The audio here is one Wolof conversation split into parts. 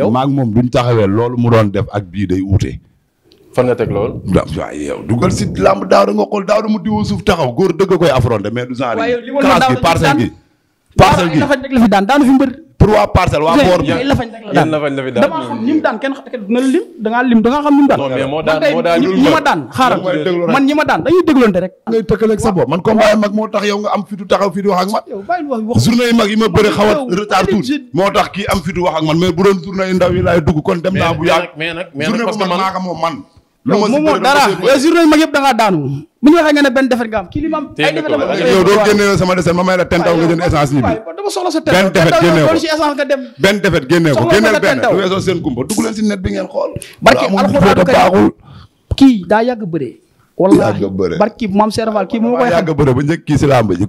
yow maa ngi moom duñ taxawee loolu mu doon def ak bii day uute. fan nga teg loolu. waaw yow dugal si làmb daaw da nga xool daaw da mu diwoo suuf taxaw góor dëgg koy affronté mais du genre. waaye li ma la daaw dañuy daan classe bi gi. parcelle gi dafa nekk fi daan daanu fi mbër. pour waa parcelle waa boor bi la xam ñim daan kenn dina lim da xam ñim daan xaaral man ñi daan dañuy dégloonte rek man combat yi mag moo tax yow nga am fitu taxaw fi di man journée yi mag yi ma bëri a retard tuuti moo tax kii am fitu wax man mais bu journée yi ndaw yi dugg kon dem naa bu yàgg journée bu mag maa ko man moomoo dara journée yëpp da ngaa daanu bu ñu waxee nga ne benn defet nga am kii li ma am ay defet la yow doo ma may la tentaw nga jënd essence ñibbi dama si net ba njëkk kii si làmb ji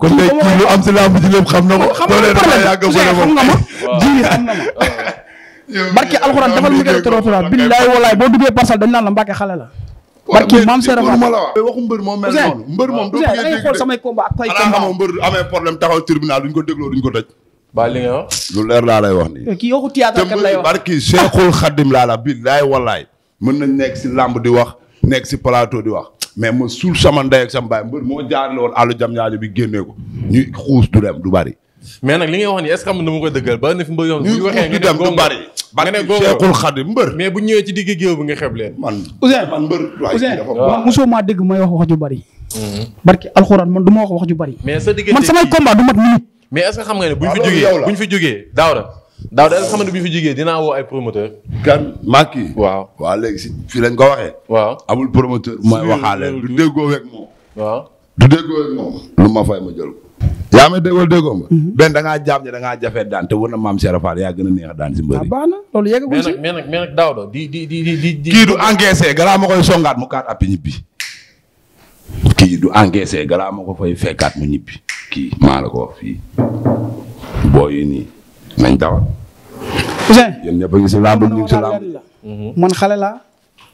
lépp xam na ko xam nga ma ji xam nga ma barki alxuraan defal mu gën a torotoraat billaay walaay boo duggee parcelle dañ naan la mbàkke xale la barki maam seera ma la wax waxu mbër moom mel noonu mbër moom doo ngay xool samay combat ak duñ ko dégloo duñ ko tëj ba li laa lay wax nii eh, kii waxu théâtre kan lay wax barki Cheikhul Khadim laa la nañ nekk si làmb di wax nekk si plateau di wax mais ma suul sama ndey ak sama baay mbër moo jaarale woon àllu jam ñaajo bi génnee ko ñuy xuus du dem du bari mais nag li ngay wax nii est-ce que xam na ma ko dëggal ba na fi mbër ñuy waxee nga ne góoboo mbër. mais bu ñëwee ci digg géew bi nga xeeb leen. man man mbër. Ousseyn maa dégg may wax wax ju bari. Mhm. barki alxuraan man du ma wax wax bari. mais sa diggante man samay combat du mat minute. mais est ce que xam nga ne buñ fi jógee buñ fi jógee Daouda. Daouda est ce que xam nga ne buñ fi jógee dinaa woo ay promoteur kan Macky. waaw waaw léegi si fii lañ ko waxee. waaw amul promoteur. mooy waxaale du déggoo ak moom. du déggoo ak moom. lu ma fay ma jël yaa ma déggoo déggoo mhm. benn da ngaa jaam ne da ngaa jafe daan te war na maam Serap Fall yaa gën a neex daan si mbëri. Ah, baax na loolu yeggagul si mais nag mais nag daaw do di kii du encaissé galaa ma koy songaat mu kaat appi ñibbi. kii du encaissé galaa ko fay fekkaat mu ñibbi. kii maa ko fii. boo yi nii nañ dawal. Ousseyn yéen ñëpp a ngi si làmb ñu ngi si làmb. Mhm. man xale laa.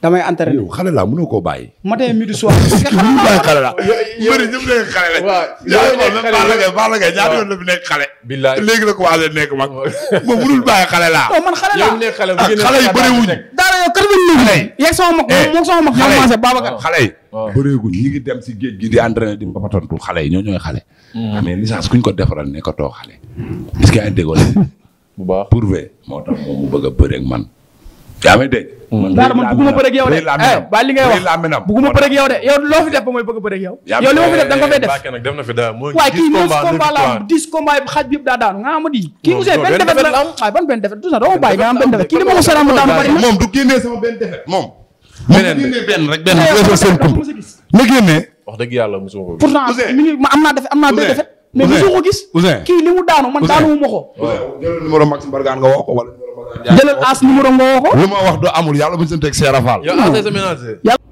damay entraîné yow xale laa mënoo koo bàyyi. matin midi soir. mënul bàyyi xale la. yooyu ñëpp nekk xale la. waaw ñaari yoon la Balla Gaye Balla Gaye la fi nekk xale. billaay léegi la commencé nekk mag. moom mënul bàyyi xale laa. non man xale bu ah, yi bëriwuñ. daara yow kër gi xale yi mag eh. moom sama mag. xale yi Babacar xale yi. bëreeguñ ñi dem si géej gi di entraîné di mbapatantu xale yi ñoo ñooy xale. Mm. mais licence kuñ ko defaral ne ko too xale. est que ay déggoo bu baax moo tax moom mu bëgg a man yaa may dégg. daal mm. man bëgguma bëreeg yow de eh, bàyyi li ngay wax bëgguma bëreeg yow de yow loo fi def ba mooy bëgg bëreeg yow. yow li ma fi def da nga ko fay daanu nga xamadi kii monsieur benn defet la am waaye ban benn defet tout ça doo ma bàyyi nga benn defet kii dama ko seetaan mu daanu bari moom du génnee sama benn defet moom beneen benn eh, am naa defet am naa deux kii li mu daanu man daanu mu ma jëlal as numéro nga woo ko. lu ma wax du amul yàlla bu ñu seen teg Serap Fall. yow as sa ménager.